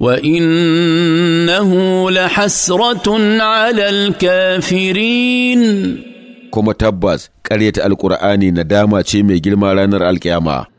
وانه لحسره على الكافرين كما تبز قريت القران ندامه شيء جلما رانر القيامه